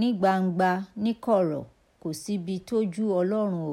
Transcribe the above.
ní gbangba níkọ̀rọ̀ kò síbi tójú ọlọ́run ò